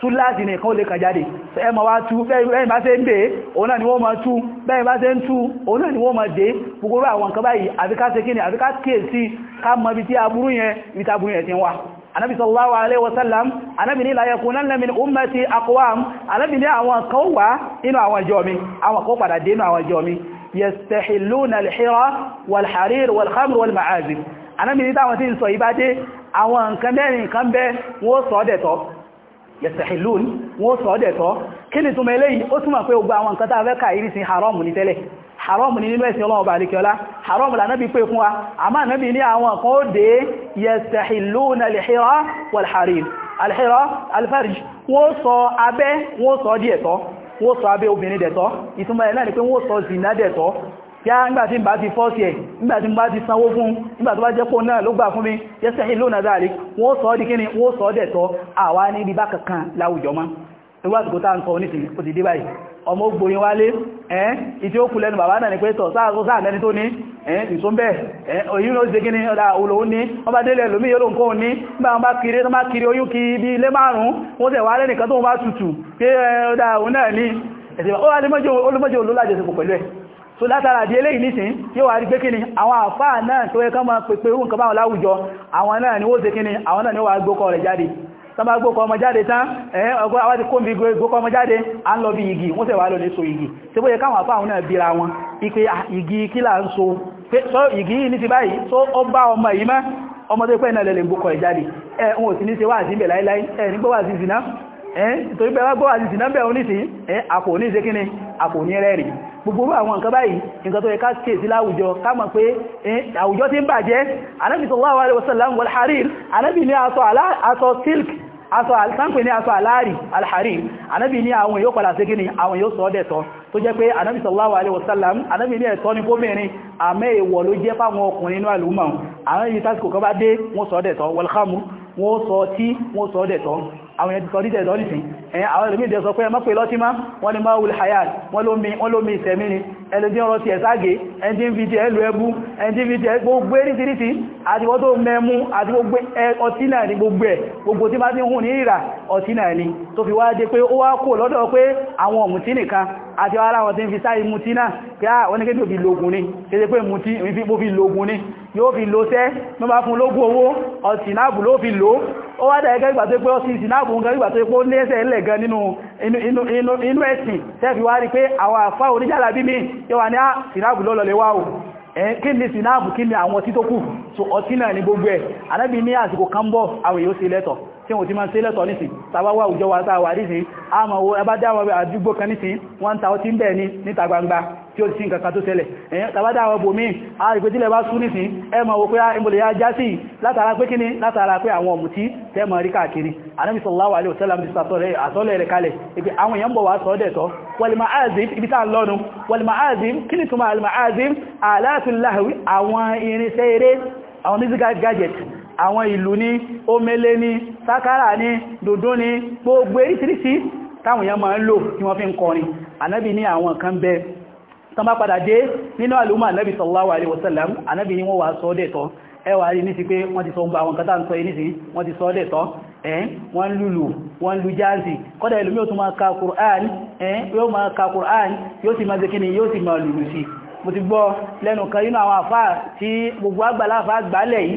tú láti ní ìkóòlé kan jáde ẹ máa wá tú bẹ́yìn bá ṣe ń dé òun náà ni wọ́n máa tú bẹ́yìn bá ṣe ń tú òun náà ni wọ́n máa dé gbogbo àwọn nǹkan báyìí àbíká ṣe kí ni àbíká kíyèsí ká mọ ibi tí aburú yẹn ibi tí aburú yẹn ti ń wà anabi sallallahu alaihi wasallam anabi ni la yakunanna min ummati aqwam anabi ni àwọn kan wà inú àwọn ìjọ mi àwọn kan padà dé inú yastahilluna al-hira wal-harir wal-khamr wal-ma'azif anábìnrin táwọn tí ń sọ ìbájé àwọn nǹkan mẹ́rin nǹkan bẹ́ wọ́n sọ dẹ̀tọ́ yastahillun wọ́n sọ dẹ̀tọ́ kí ni túnmọ̀ eléyìí ó túnmọ̀ pé gbogbo àwọn nǹkan tàbí ká ìrísí haramu ní tẹ́lẹ̀ haramu ní nínú ẹ̀sìn ọlọ́wọ́ bá alikiola haramu lànàbí pé fún wa àmá nàbí ní àwọn kan ó dé yastahilluna al-hira wal-harir wọ́n sọ abẹ́ wọ́n sọ díẹ̀tọ́ wọ́n sọ abẹ́ obìnrin dẹ̀tọ́ ìtumọ̀ ẹ̀ náà ni pé wọ́n sọ zìnà dẹ̀tọ́ yá nígbàtí ń bá ti fọ́sí ẹ̀ nígbàtí ń bá ti sanwó fún nígbàtí wá jẹ́ pọ̀ náà ló gbà fún mi yẹ́sẹ̀ ìlú náà dáàrí wọ́n sọ ọ́ di kíni wọ́n sọ ọ́ dẹ̀tọ́ àwa ní ibi bá kankan láwùjọ mọ́ nígbàtí kò tá ń sọ oníṣìí ó ti dé báyìí ọmọ ògbòyìn wálé ẹ́n ìtí ó kù lẹ́nu bàbá náà ni pé tọ̀ sáàrẹ́ni tó ní ẹ́n ìsún bẹ́ẹ̀ òyìn ló ṣe gíní ọ̀dá olóhun ní wọ́n bá délẹ̀ lómí yóò lóǹkó ní bá wọn bá kiri tó bá kiri oyún kí bí ilé márùn-ún wọ́n tẹ̀ wá lẹ́nìkan tó bá tutù pé ọ̀dá òun náà ní ẹ̀sẹ̀ olómọ́jọ́ olólàjẹsẹ̀pọ̀ pẹ̀lú ẹ̀ so látara di eléyìí nísìn yóò wà rí pé kíni àwọn àfáà náà tó ẹkọ́ máa pèpè irú nǹkan báwọn láwùjọ àwọn náà ni ó ṣe kíni àwọn náà ni ó wà gbókọ̀ rẹ̀ jáde tàbá gbókọ ọmọ jáde tán ẹ̀ ọgbọ́ àwádìí kó ń bí gbókọ ọmọ jáde a ń lọ bí igi wọ́n tẹ̀wà lọ lè igi tí bóyẹ káwọn àpá àwọn náà bíra wọn ipe igi kí ń so so igi yìí ní ti báyìí so ó bá ọmọ yìí mọ́ ọmọdé pẹ́ náà lẹ́lẹ̀ gbókọ ìjáde ẹ̀ wọn ò sí ní ṣe wáàzí bẹ̀ láíláí ẹ̀ ní gbówàzí ìsìná ẹ̀ torí pé wá gbówàzí ìsìná bẹ̀ oníṣìí ẹ̀ àpò ní ṣe kíni àpò ní rẹ́rìn gbogbo àwọn nǹkan báyìí nǹkan tó yẹ ká kéèsí láwùjọ káàmà pé àwùjọ tí ń bàjẹ́ anábì sallallahu alaihi wasallam wal harir anábì ní aṣọ silk aṣọ àtàǹpẹ̀ ní aṣọ aláàrí alharim anábì ní àwọn yóò padà sí gíní àwọn yóò sọ ọ́ dẹ̀tọ́ tó jẹ́ pé anábì sallallahu alaihi wasallam anábì ní ẹ̀tọ́ ní kómìnrin àmẹ́ èèwọ̀ ló jẹ́ fáwọn ọkùnrin inú àlùmọ̀ àwọn yìí tásìkò kan bá dé wọ́n sọ ọ́ dẹ̀tọ́ wal khamr wọ́n sọ ọtí wọ́n sọ ọ́ dẹ̀tọ́ àwọn yẹn ti sọ ọ́ dẹ̀tọ́ nìsín àwọn ìlúmí ìdẹ́sọ pé ẹmọ́ pé lọ́tímá wọ́n ni máa wùl hayat wọ́n lómi ìsẹ̀mí ni ẹni tí ọ̀rọ̀ ti ẹ̀sáàgé ẹni tí ń fi jẹ́ ẹlù ẹbú ẹni tí ń fi jẹ́ gbogbo eríṣiríṣi àti wọ́n mẹ́mú àti gbogbo ọtí náà ni gbogbo ẹ̀ gbogbo tí bá ti ni tó fi wá dé pé ó wá kò lọ́dọ̀ pé àwọn ọ̀mùtí nìkan àti ara wọn tí ń fi sáyé mutí náà pé à ah, wọ́n ní kéde òfi lògùn ni kéde pé mutí mo fi lògùn ni yóò fi lo sẹ́ díẹ̀ gan nínú ẹ̀sìn tẹ́fì wá rí pé àwọn àfá oníjàlá bí mi yíwa ní á ah, sinabu lọ́lọ́lẹ́wà o kí ni sinabu kí ni àwọn ọtí tó kù so ọtí náà ní gbogbo ẹ̀ tí wọ́n ti máa ṣe lẹ́tọ̀ nísìn tàbá wà òjò wa tàà wà nísìn a mọ̀ owó ẹbá dáwọn ọbẹ̀ àdúgbò kan nísìn wọ́n ta ọtí ń bẹ̀ ní níta gbangba tí ó ti nǹkan kan tó ṣẹlẹ̀ ẹ̀yẹn tàbá dáwọn bò míì a rí pé tílẹ̀ bá sú nísìn ẹ mọ̀ òpé ìmọ̀lẹ̀ ah, ya já sí látara pé kíní látara pé àwọn ọ̀mùtí tẹ́ mọ̀ rí káàkiri anábì sallallahu alaihi wasallam ti sàtọ̀lẹ̀ àtọ́lẹ̀ rẹ̀ kalẹ̀ ibi àwọn èèyàn bọ̀ wá sọ dẹ̀tọ́ wal-ma'azim ibi tá lọ́nu wal-ma'azim kí ni túnmọ̀ al-ma'azim àlàáfin láhàwí àwọn irinṣẹ́ eré àwọn musical gadget àwọn ìlú ní omele ní sákárà ní dòdó ní gbogbo eríṣiríṣi táwọn èèyàn máa ń lò tí wọ́n fi ń kọrin ànábì ní àwọn kan bẹ tán bá padà dé nínú àlúmà ànábì sallallahu alaihi wasallam ànábì ní wọ́n wà sọ dẹ̀tọ́ ẹwà rí ní sí pé wọ́n ti sọ gbà àwọn kátà ń sọ ní sí wọ́n ti sọ dẹ̀tọ́ ẹ́n wọ́n lùlù wọ́n lu mo ti gbọ́ lẹ́nu kan nínú àwọn àfáà tí gbogbo àgbàlá àfáà gbálẹ̀ yìí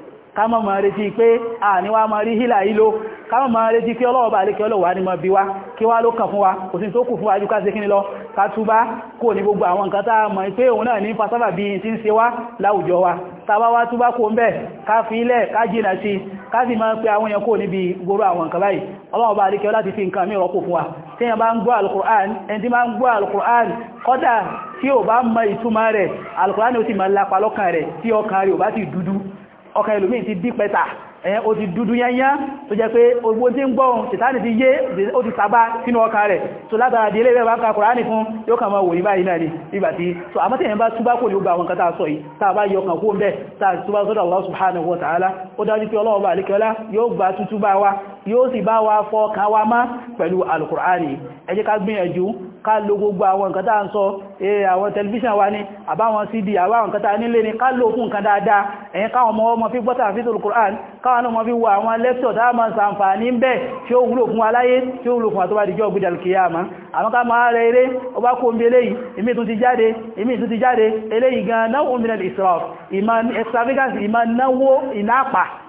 ká má máa retí pé àníwá máa rí hílà ìlò ká má máa retí pé ọlọ́ọ̀bà alékẹ́ ọlọ́wà ní mọ̀ bí wá kí wá ló kàn fún wa kò sí tó kù fún wa jù ká ṣe kí ni lọ ká túbá kò ní gbogbo àwọn nǹkan tá a mọ̀ pé òun náà ní fasábà bí i ti ń ṣe tí alukur'an ẹni tí alukur'an kọ́dà tí ò bá mọ ìtumọ̀ rẹ̀ alukur'an ni ó ti máa lápa lọ́kàn rẹ̀ tí ọkàn rẹ̀ ò bá ti dúdú ọkà ìlúmí ti dí pẹta ẹ̀yẹn o ti dúdú yányá tó jẹ́ pé ogbó tí ń gbọ́hun tìtàní ti yé o ti sàbá sínú ọkà rẹ̀ tó látara di ilé ìrẹ́bà ka Kùránì fún yóò kà máa wò ní báyìí so àmọ́tẹ̀yẹn bá túbá kò ní ó gba àwọn kátà sọ yìí tàà bá yọkàn kó ń bẹ́ tàà túbá sọ́dọ̀ Allah subhanahu wa ta'ala ó dájú pé ọlọ́wọ́ bá àlekẹ́ọ́lá yóò gba tútú bá wa yóò sì bá wa fọ́ ká wa má pẹ̀lú Al-Kùránì ẹ ká lo gbogbo àwọn nǹkan tá ń sọ ee àwọn tẹlifíṣàn wa ní àbáwọn cd àbáwọn nǹkan tá nílé ní ká lò fún nǹkan dáadáa ẹ̀yìn káwọn ọmọ ọmọ fi gbọ́ta fi tó Al-Qur'an káwọn ọmọ fi wo àwọn lẹ́kṣọ̀ tá máa ṣàǹfààní ń bẹ̀ tí ó wúlò fún aláyé tí ó wúlò fún àtọ́bá ìjọ ògbìdà kìyàmá àwọn ká máa rẹ eré ọba kó omi eléyìí èmi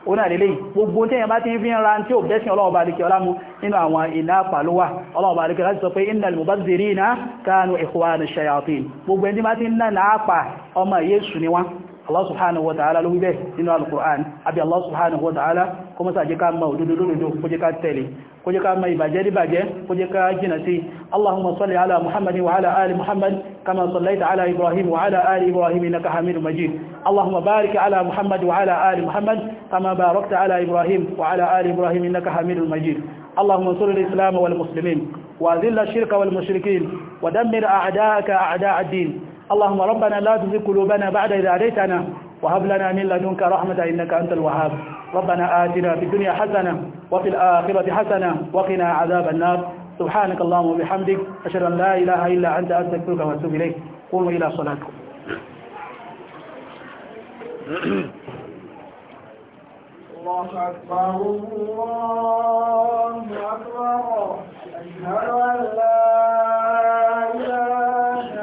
ó náà lélẹ́yìn gbogbo tí èyàn bá ti ń fi ń ra tí ó bẹ́sìn ọlọ́ọ̀bá alikẹ́ ọlámú nínú àwọn iná pàlówà ọlọ́ọ̀bá alikẹ́ láti sọ pé innal mubazzirina kanu ikhwana shayatin gbogbo ẹni bá ti ń náà náà ọmọ Jésù ni wọ́n Allah subhanahu wa ta'ala ló kó jẹ́ ká mọ ìbàjẹ́ ríbàjẹ́ kó jẹ́ ká jìnà sí allahumma salli ala muhammad wa ala ali muhammad kama sallaita ala ibrahim wa ala ali ibrahim innaka hamidu majid allahumma barik ala muhammad wa ala ali muhammad kama barakta ala ibrahim wa ala ali ibrahim innaka hamidu majid اللهم انصر الإسلام والمسلمين وأذل الشرك والمشركين ودمر أعداءك أعداء الدين اللهم ربنا لا تزغ قلوبنا بعد إذ هديتنا وهب لنا من لدنك رحمة إنك أنت الوهاب ربنا آتنا في الدنيا حسنة وفي الآخرة حسنة وقنا عذاب النار سبحانك اللهم وبحمدك أشهد أن لا إله إلا أنت أستغفرك وأتوب إليك قوموا إلى صلاتكم الله أكبر الله أكبر أشهد أن لا إله